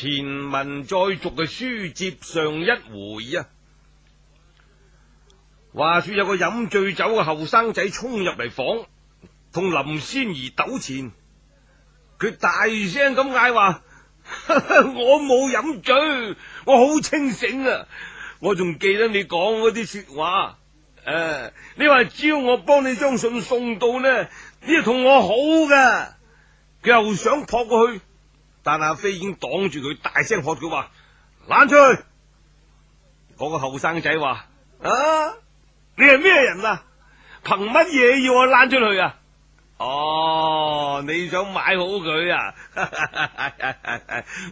前文再續嘅書接上一回啊，話說有個飲醉酒嘅後生仔衝入嚟房，同林仙兒糾纏。佢大聲咁嗌話： 我冇飲醉，我好清醒啊！我仲記得你講啲說話。誒，啊，你話只要我幫你將信送到呢，你要同我好嘅。佢又想撲過去。但阿飛已經擋住佢，大聲喝佢話：攔出去！個後生仔話：啊，你係咩人啊？憑乜嘢要我攔出去啊？哦，你想買好佢啊？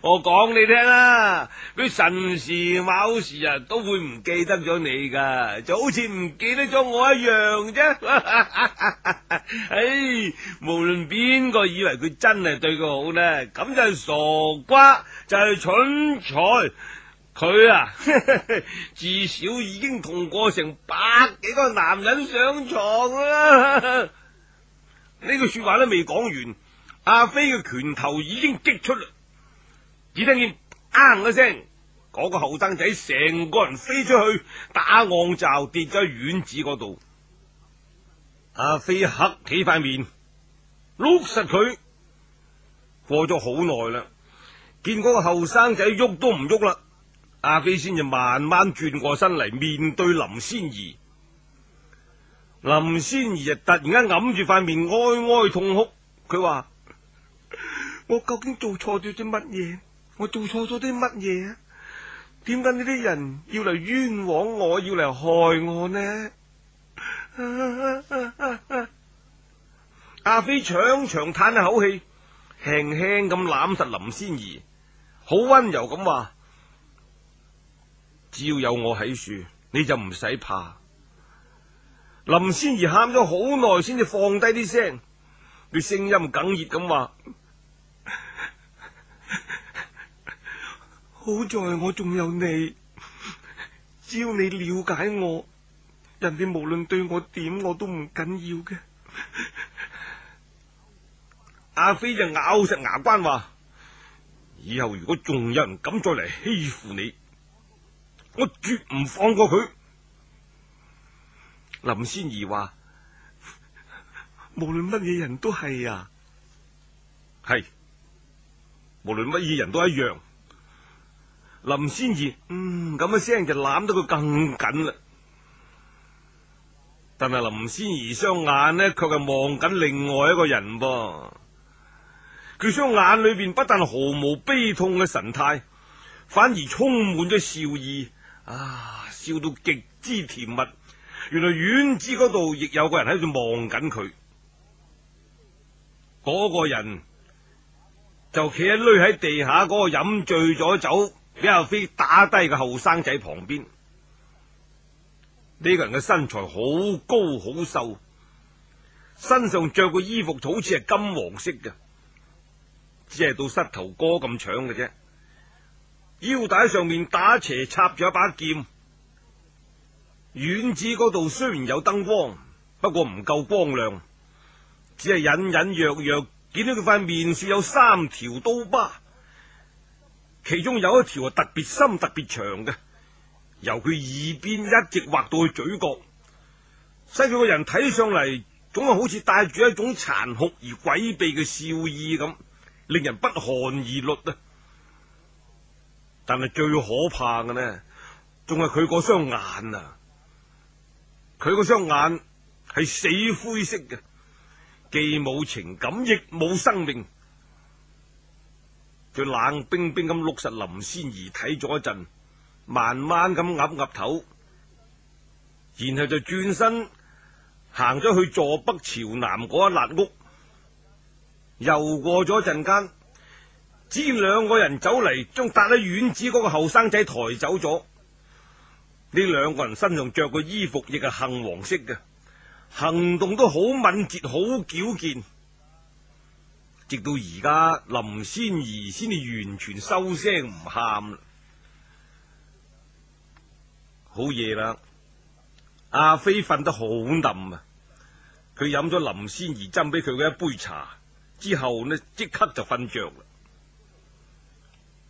我講你聽啦，佢神時某時啊，都會唔記得咗你噶，就好似唔記得咗我一樣啫。唉，無論邊個以為佢真係對佢好呢，咁就係傻瓜，就係蠢材。佢啊，至少已經同過成百幾個男人上床啦。呢句說話都未講完，阿飛嘅拳頭已經擊出啦！只聽見啊一聲，嗰個後生仔成個人飛出去，打 o 就跌咗喺院子嗰度。阿飛黑起塊面，碌實佢。過咗好耐啦，見嗰個後生仔喐都唔喐啦，阿飛先至慢慢轉過身嚟面對林仙兒。林仙兒就突然間揞住塊面，哀哀痛哭。佢話：我究竟做錯咗啲乜嘢？我做錯咗啲乜嘢啊？點解呢啲人要嚟冤枉我，要嚟害我呢？啊啊啊啊啊啊。阿飛長長嘆一口氣，輕輕咁攬實林仙兒，好溫柔咁話：只要有我喺處，你就唔使怕。林仙兒喊咗好耐，先至放低啲聲，啲聲音哽咽咁話： 好在我仲有你，只要你了解我，人哋無論對我點，我都唔緊要嘅。 阿飛就咬實牙關話：以後如果仲有人敢再嚟欺負你，我絕唔放過佢。林仙兒話：無論乜嘢人都係啊，係無論乜嘢人都一樣。林仙兒嗯咁一聲就攬得佢更緊啦。但係林仙兒雙眼呢，卻係望緊另外一個人噃。佢雙眼裏邊不但毫無悲痛嘅神態，反而充滿咗笑意啊！笑到極之甜蜜。原來院子嗰度亦有個人喺度望緊佢，嗰個人就企喺匿喺地下嗰個飲醉咗酒俾阿飛打低嘅後生仔旁邊。呢個人嘅身材好高好瘦，身上着嘅衣服好似係金黃色嘅，只係到膝頭哥咁長嘅啫。腰帶上面打斜插咗一把劍。院子嗰度雖然有燈光，不過唔夠光亮，只係隱隱約約見到佢塊面上有三條刀疤，其中有一條係特別深特別長嘅，由佢耳邊一直劃到佢嘴角，使佢個人睇上嚟總係好似帶住一種殘酷而詭秘嘅笑意咁，令人不寒而慄啊！但係最可怕嘅呢，仲係佢嗰雙眼啊！佢個雙眼係死灰色嘅，既冇情感亦冇生命，佢冷冰冰咁碌實林仙兒睇咗一陣，慢慢咁岌岌頭，然後就轉身行咗去坐北朝南嗰一辣屋。又過咗一陣間，只見兩個人走嚟，將搭喺院子嗰個後生仔抬走咗。呢兩個人身上着嘅衣服亦係杏黃色嘅，行動都好敏捷、好矯健。直到而家林仙兒先至完全收聲唔喊。好夜啦，阿飛瞓得好冧啊！佢飲咗林仙兒斟俾佢嘅一杯茶之後呢，即刻就瞓着啦。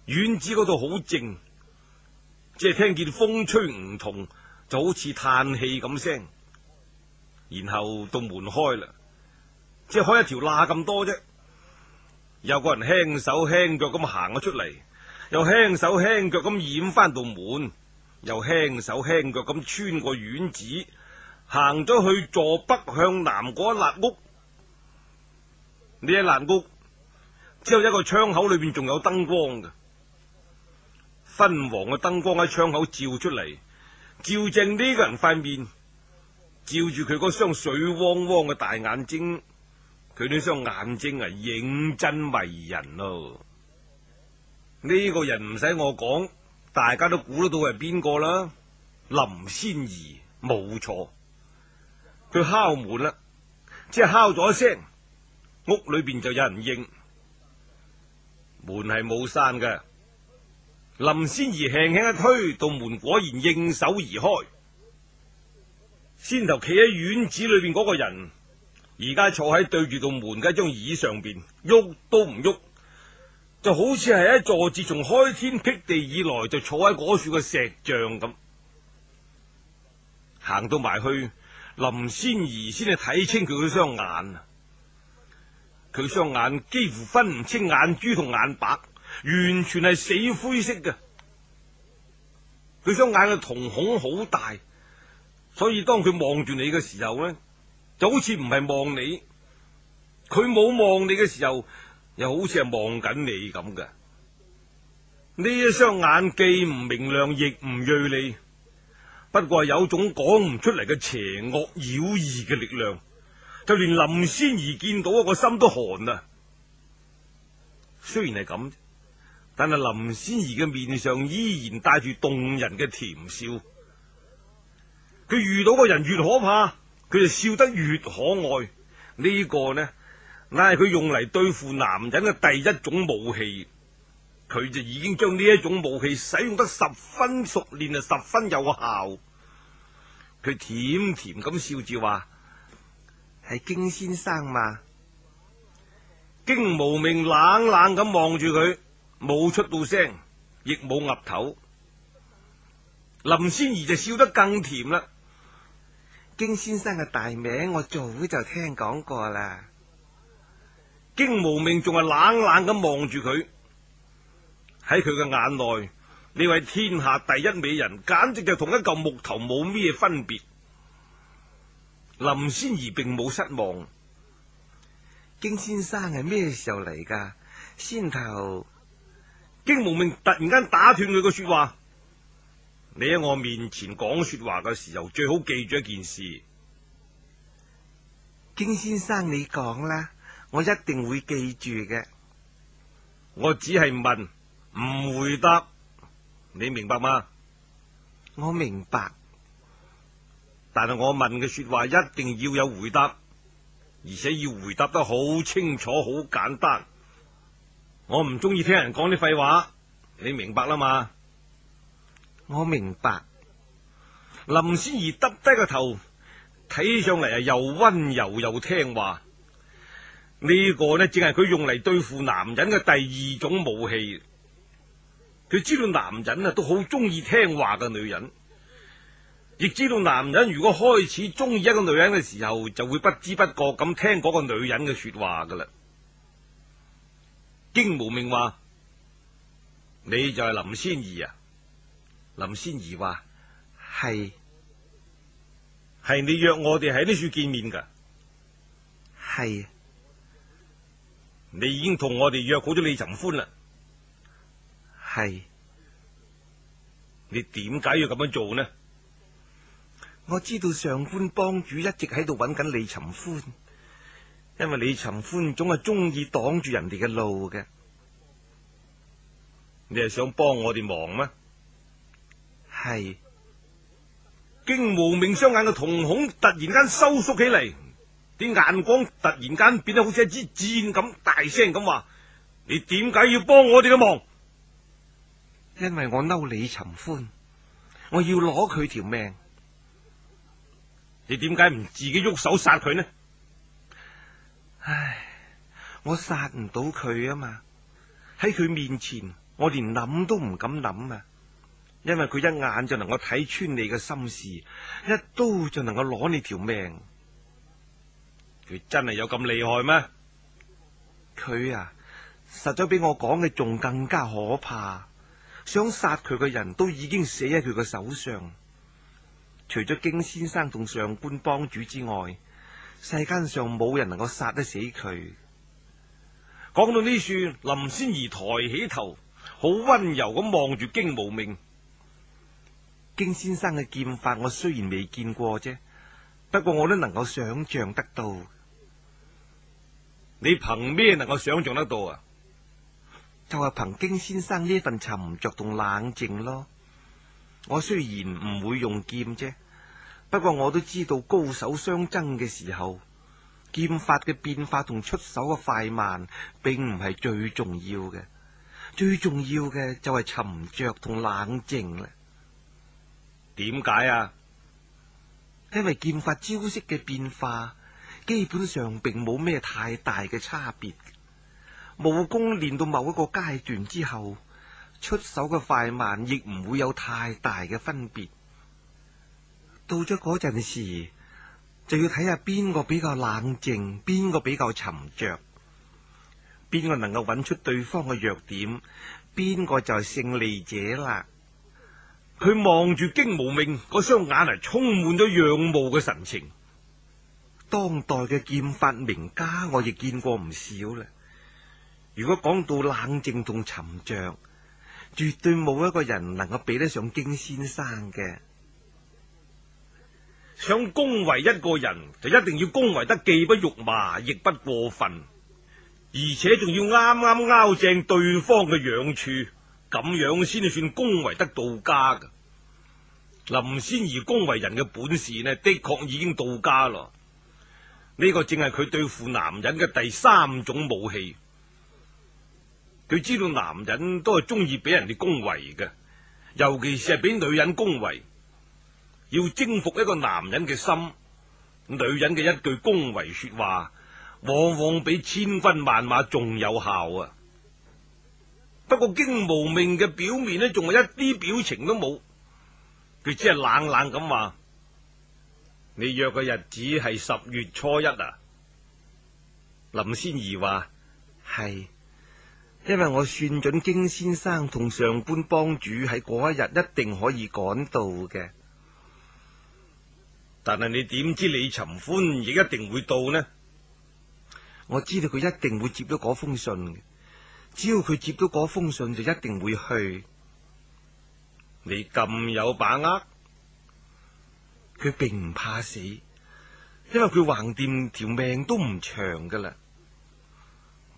院子嗰度好靜。即係聽見風吹梧桐，就好似嘆氣咁聲。然後到門開啦，即係開一條罅咁多啫。有個人輕手輕腳咁行咗出嚟，又輕手輕腳咁掩翻道門，又輕手輕腳咁穿過院子，行咗去坐北向南嗰一立屋。呢一立屋只有一個窗口裏邊仲有燈光嘅。昏黃嘅燈光喺窗口照出嚟，照正呢個人塊面，照住佢嗰雙水汪汪嘅大眼睛，佢呢雙眼睛啊認真迷人咯，啊。呢、這個人唔使我講，大家都估得到係邊個啦。林仙兒，冇錯。佢敲門啦，啊，即係敲咗一聲，屋裏邊就有人應，門係冇閂嘅。林仙兒輕輕一推，道門果然應手而開。先頭企喺院子裏邊嗰個人，而家坐喺對住道門嘅一張椅上邊，喐都唔喐，就好似係一座自從開天闢地以來就坐喺嗰處嘅石像咁。行到埋去，林仙兒先至睇清佢嘅雙眼，佢雙眼幾乎分唔清眼珠同眼白。完全係死灰色嘅，佢雙眼嘅瞳孔好大，所以當佢望住你嘅時候呢，就好似唔係望你。佢冇望你嘅時候，又好似係望緊你咁嘅。呢一雙眼既唔明亮亦唔銳利，不過係有種講唔出嚟嘅邪惡妖異嘅力量，就連林仙兒見到我個心都寒啊。雖然係咁。但係林仙兒嘅面上依然帶住動人嘅甜笑，佢遇到嘅人越可怕，佢就笑得越可愛。呢、這個呢，乃係佢用嚟對付男人嘅第一種武器。佢就已經將呢一種武器使用得十分熟練啊，十分有效。佢甜甜咁笑住話：係荊先生嘛？荊無名冷冷咁望住佢。冇出到聲，亦冇岌頭。林仙兒就笑得更甜啦。荊先生嘅大名，我早就聽講過啦。荊無命仲係冷冷咁望住佢，喺佢嘅眼內，呢位天下第一美人，簡直就同一嚿木頭冇咩分別。林仙兒並冇失望。荊先生係咩時候嚟㗎？先頭。驚無命突然間打斷佢個說話，你喺我面前講說話嘅時候，最好記住一件事。荊先生，你講啦，我一定會記住嘅。我只係問，唔回答，你明白嗎？我明白，但係我問嘅說話一定要有回答，而且要回答得好清楚、好簡單。我唔中意聽人講啲廢話，你明白啦嘛？我明白。林仙兒耷低個頭，睇上嚟，又溫柔又聽話。呢個呢，正係佢用嚟對付男人嘅第二種武器。佢知道男人啊都好中意聽話嘅女人，亦知道男人如果開始中意一個女人嘅時候，就會不知不覺咁聽嗰個女人嘅說話噶啦。驚無名話：你就係林仙兒啊？林仙兒話：係是，係你約我哋喺呢處見面噶。係是，你已經同我哋約好咗李尋歡啦。係是，你點解要咁樣做呢？我知道上官幫主一直喺度揾緊李尋歡。因為李尋歡總係中意擋住人哋嘅路嘅，你係想幫我哋忙咩？係是，荊無命雙眼嘅瞳孔突然間收縮起嚟，啲眼光突然間變得好似一支箭咁，大聲咁話：你點解要幫我哋嘅忙？因為我嬲李尋歡，我要攞佢條命。你點解唔自己喐手殺佢呢？唉，我殺唔到佢啊嘛！喺佢面前，我連諗都唔敢諗啊，因為佢一眼就能夠睇穿你嘅心事，一刀就能夠攞你條命。佢真係有咁厲害咩？佢啊，實在比我講嘅仲更加可怕。想殺佢嘅人都已經死喺佢嘅手上，除咗荊先生同上官幫主之外。世間上冇人能夠殺得死佢。講到呢處，林仙兒抬起頭，好溫柔咁望住荊無命。荊先生嘅劍法我雖然未見過啫，不過我都能夠想象得到。你憑咩能夠想象得到呀？就係憑荊先生呢份沉着同冷靜咯。我雖然唔會用劍啫。不過我都知道高手相爭嘅時候，劍法嘅變化同出手嘅快慢，並唔係最重要嘅。最重要嘅就係沉着同冷靜啦。點解啊？因為劍法招式嘅變化，基本上並冇咩太大嘅差別。武功練到某一個階段之後，出手嘅快慢亦唔會有太大嘅分別。到咗嗰陣時，就要睇下邊個比較冷靜，邊個比較沉着，邊個能夠揾出對方嘅弱點，邊個就係勝利者啦。佢望住荊無命，嗰雙眼係充滿咗仰慕嘅神情。當代嘅劍法名家，我亦見過唔少啦。如果講到冷靜同沉着，絕對冇一個人能夠比得上荊先生嘅。想恭維一個人，就一定要恭維得既不肉麻，亦不過分，而且仲要啱啱拗正對方嘅樣處，咁樣先算恭維得到家嘅。林仙兒恭維人嘅本事呢，的確已經到家咯。呢個正係佢對付男人嘅第三種武器。佢知道男人都係中意俾人哋恭維嘅，尤其是係俾女人恭維。要征服一個男人嘅心，女人嘅一句恭維說話，往往比千軍萬馬仲有效啊！不過荊無命嘅表面呢，仲係一啲表情都冇，佢只係冷冷咁話，你約嘅日子係十月初一啊！林仙兒話：係，因為我算準荊先生同上官幫主喺嗰一日一定可以趕到嘅。但係你點知李尋歡亦一定會到呢？我知道佢一定會接到嗰封信嘅，只要佢接到嗰封信就一定會去。你咁有把握？佢並唔怕死，因為佢橫掂條命都唔長㗎喇。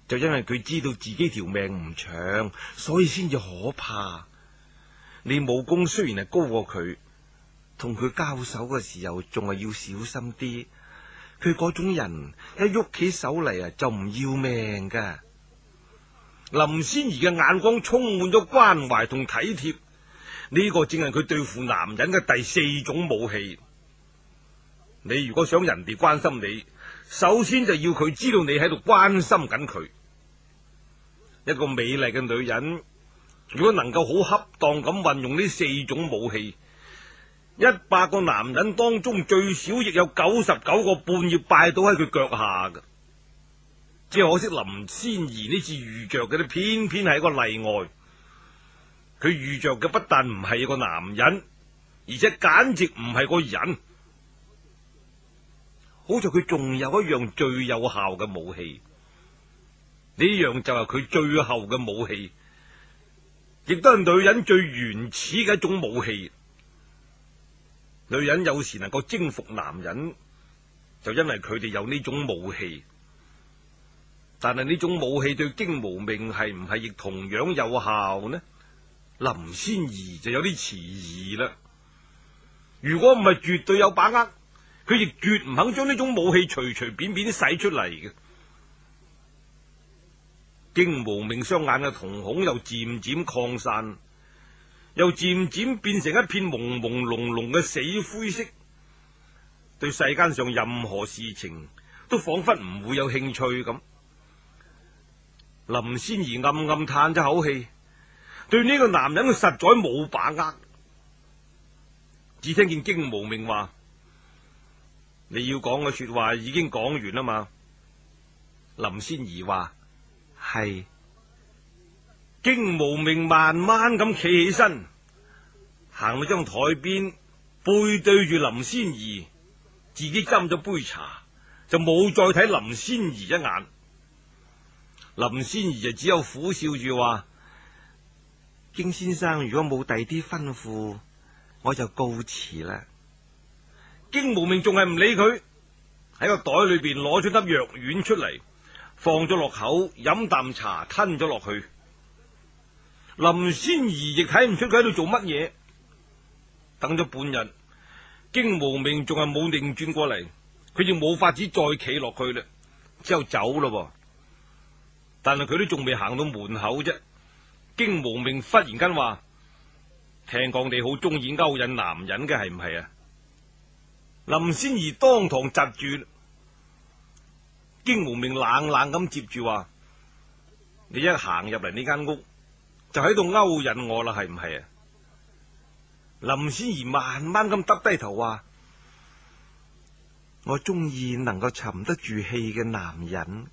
就因為佢知道自己條命唔長，所以先至可怕。你武功雖然係高過佢。同佢交手嘅時候，仲係要小心啲。佢嗰種人一喐起手嚟啊，就唔要命噶。林仙兒嘅眼光充滿咗關懷同體貼，呢個正係佢對付男人嘅第四種武器。你如果想人哋關心你，首先就要佢知道你喺度關心緊佢。一個美麗嘅女人，如果能夠好恰當咁運用呢四種武器。一百個男人當中最少亦有九十九個半要拜倒喺佢腳下嘅，只係可惜林仙兒呢次遇着嘅咧，偏偏係一個例外。佢遇着嘅不但唔係一個男人，而且簡直唔係個人，好像佢仲有一樣最有效嘅武器，呢樣就係佢最後嘅武器，亦都係女人最原始嘅一種武器。女人有時能夠征服男人，就因為佢哋有呢種武器。但係呢種武器對荊無命係唔係亦同樣有效呢？林仙兒就有啲遲疑啦。如果唔係絕對有把握，佢亦絕唔肯將呢種武器隨隨便便使出嚟嘅。荊無命雙眼嘅瞳孔又漸漸擴散。又漸漸變成一片朦朦朧朧嘅死灰色，對世間上任何事情都仿佛唔會有興趣咁。林仙兒暗暗嘆咗口氣，對呢個男人佢實在冇把握，只聽見荊無命話：你要講嘅說話已經講完啦嘛。林仙兒話：係。經無名慢慢咁企起身，行到張台邊，背對住林仙，自己斟咗杯茶，就冇再睇林仙一眼。林仙就只有苦笑住話：經先生，如果冇第啲吩咐，我就告辭啦。經無名仲係唔理佢，喺個袋裏邊攞咗粒藥丸出嚟，放咗落口，飲啖茶，吞咗落去。林仙兒亦睇唔出佢喺度做乜嘢，等咗半日，荊無命仲係冇擰轉過嚟，佢就冇法子再企落去啦，之後走啦。但係佢都仲未行到門口啫，荊無命忽然間話：聽講你好中意勾引男人嘅係唔係啊？林仙兒當堂窒住，荊無命冷冷咁接住話：你一行入嚟呢間屋就喺度勾引我啦，係唔係啊？林仙兒慢慢咁耷低頭話：我中意能夠沉得住氣嘅男人。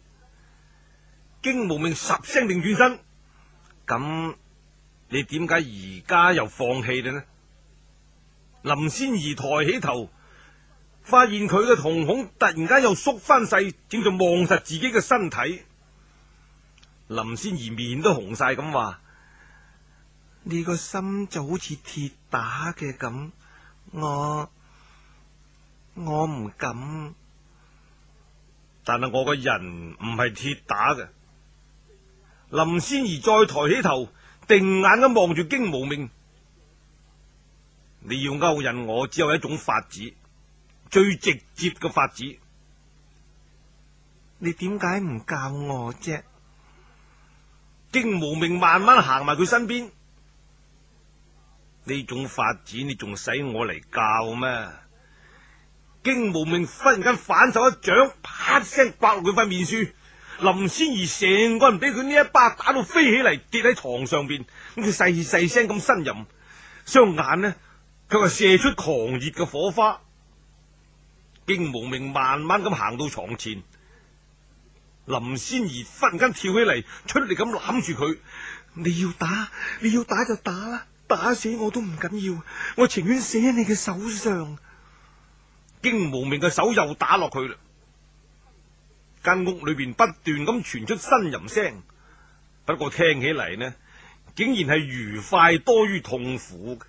荊無命十聲定轉身，咁你點解而家又放棄嘅呢？林仙兒抬起頭，發現佢嘅瞳孔突然間又縮翻細，正在望實自己嘅身體。林仙兒面都紅晒咁話。你個心就好似鐵打嘅咁，我我唔敢，但係我個人唔係鐵打嘅。林仙兒再抬起頭，定眼咁望住驚無命。你要勾引我，只有一種法子，最直接嘅法子。你點解唔教我啫？驚無命慢慢行埋佢身邊。呢種發展你仲使我嚟教咩？荊無命忽然間反手一掌，啪聲摑落佢塊面書。林仙兒成個人俾佢呢一巴打到飛起嚟，跌喺床上邊。咁佢細細聲咁呻吟，雙眼呢，佢係射出狂熱嘅火花。荊無命慢慢咁行到床前，林仙兒忽然間跳起嚟，出嚟咁攬住佢。你要打，你要打就打啦。打死我都唔緊要，我情願死喺你嘅手上。荊無名嘅手又打落去啦，間屋裏邊不斷咁傳出呻吟聲，不過聽起嚟呢，竟然係愉快多於痛苦嘅。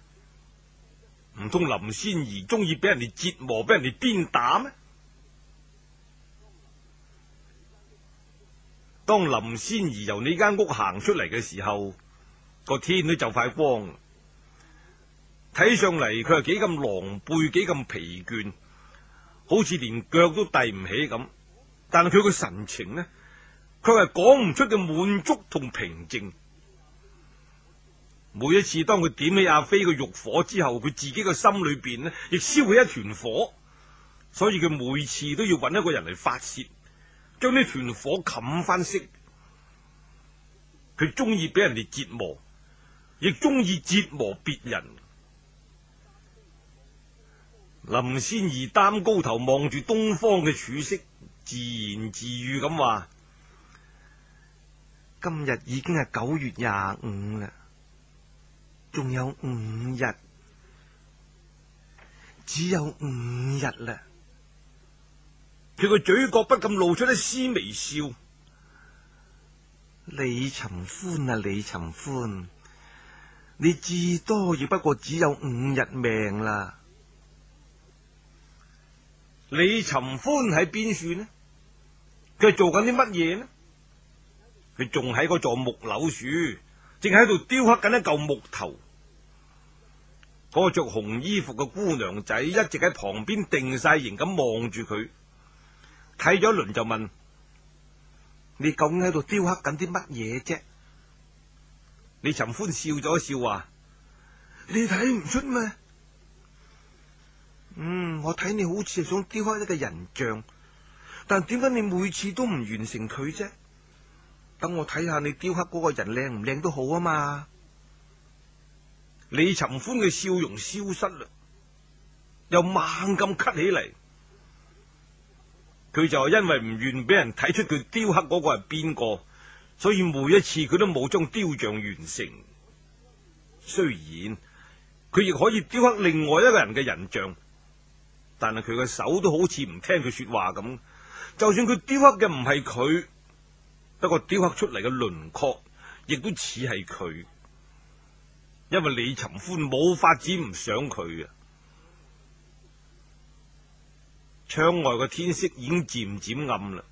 唔通林仙兒中意俾人哋折磨，俾人哋鞭打咩？當林仙兒由呢間屋行出嚟嘅時候，個天都就快光。睇上嚟佢係幾咁狼狽，幾咁疲倦，好似連腳都遞唔起咁。但係佢個神情呢，佢係講唔出嘅滿足同平靜。每一次當佢點起阿飛嘅欲火之後，佢自己嘅心裏邊呢，亦燒起一團火，所以佢每次都要揾一個人嚟發洩，將呢團火冚翻熄。佢中意俾人哋折磨，亦中意折磨別人。林仙兒擔高頭望住東方嘅處色，自言自語咁話：今日已經係九月廿五啦，仲有五日，只有五日啦。佢個嘴角不禁露出一絲微笑。李尋歡啊，李尋歡，你至多亦不過只有五日命啦。李尋歡喺邊處呢？佢做緊啲乜嘢呢？佢仲喺嗰座木柳樹，正喺度雕刻緊一嚿木頭。嗰個着紅衣服嘅姑娘仔一直喺旁邊定晒形咁望住佢，睇咗一輪就問：你究竟喺度雕刻緊啲乜嘢啫？李尋歡笑咗一笑，話：你睇唔出咩？嗯，我睇你好似係想雕刻一個人像，但點解你每次都唔完成佢啫？等我睇下你雕刻嗰個人靚唔靚都好啊嘛。李尋歡嘅笑容消失啦，又猛咁咳起嚟。佢就係因為唔願俾人睇出佢雕刻嗰個係邊個，所以每一次佢都冇將雕像完成。雖然佢亦可以雕刻另外一個人嘅人像。但係佢嘅手都好似唔聽佢說話咁，就算佢雕刻嘅唔係佢，不過雕刻出嚟嘅輪廓亦都似係佢，因為李尋歡冇法子唔想佢啊！窗外嘅天色已經漸漸暗啦，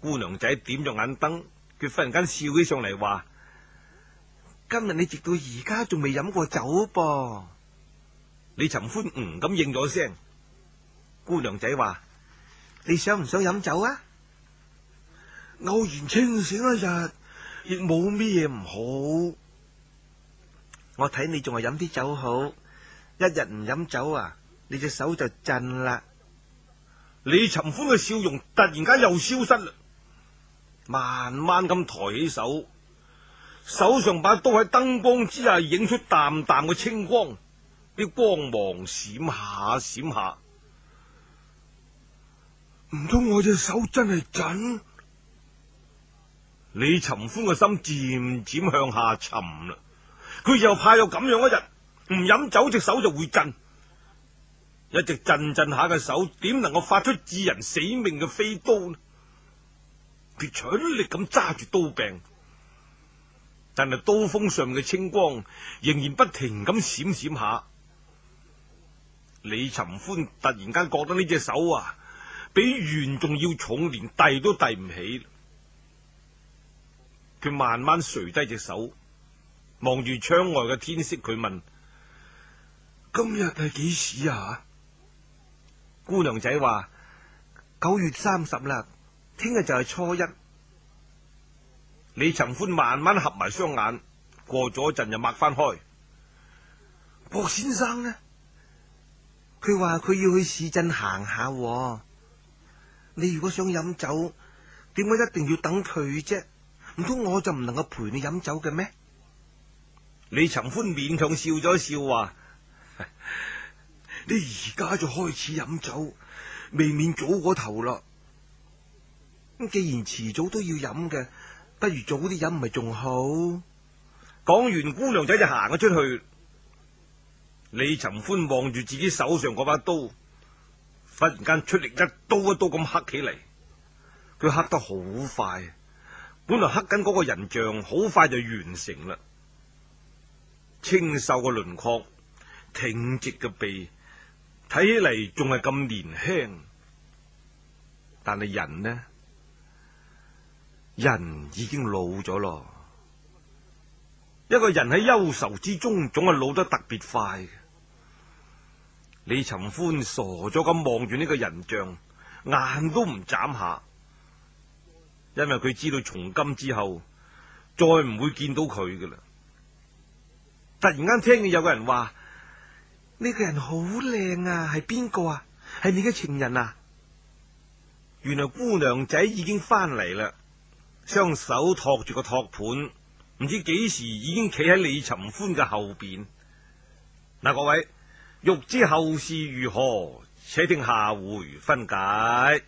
姑娘仔點咗眼燈，佢忽然間笑起上嚟話：今日你直到而家仲未飲過酒噃。李尋歡唔敢應咗聲，姑娘仔話：你想唔想飲酒啊？偶然清醒一日，亦冇咩嘢唔好。我睇你仲係飲啲酒好，一日唔飲酒啊，你隻手就震啦。李尋歡嘅笑容突然間又消失啦，慢慢咁抬起手，手上把刀喺燈光之下，影出淡淡嘅青光。啲光芒閃下閃下，唔通我隻手真係震？李尋歡嘅心漸漸向下沉啦，佢又怕有咁樣一日唔飲酒隻手就會震，一隻震震下嘅手點能夠發出致人死命嘅飛刀呢？佢全力咁揸住刀柄，但係刀鋒上面嘅青光仍然不停咁閃閃下。李尋歡突然間覺得呢隻手啊，比鉛仲要重，連提都提唔起。佢慢慢垂低隻手，望住窗外嘅天色，佢問：今日係幾時啊？姑娘仔話：九月三十啦，聽日就係初一。李尋歡慢慢合埋雙眼，過咗一陣就擘翻開。霍先生呢？佢話佢要去市鎮行下喎，你如果想飲酒，點解一定要等佢啫？唔通我就唔能夠陪你飲酒嘅咩？李尋歡勉強笑咗笑，話：你而家就開始飲酒，未免早過頭咯。咁既然遲早都要飲嘅，不如早啲飲咪仲好。講完，姑娘仔就行咗出去。李尋歡望住自己手上嗰把刀，忽然間出力一刀一刀咁刻起嚟，佢刻得好快。本來刻緊嗰個人像，好快就完成啦。清秀嘅輪廓，挺直嘅鼻，睇起嚟仲係咁年輕，但係人呢？人已經老咗咯。一個人喺憂愁之中，總係老得特別快。李尋歡傻咗咁望住呢個人像，眼都唔眨下，因為佢知道從今之後再唔會見到佢噶啦。突然間聽見有個人話：呢個人好靚啊，係邊個啊？係你嘅情人啊？原來姑娘仔已經翻嚟啦，雙手托住個托盤，唔知幾時已經企喺李尋歡嘅後邊。嗱，各位。欲知後事如何，且聽下回分解。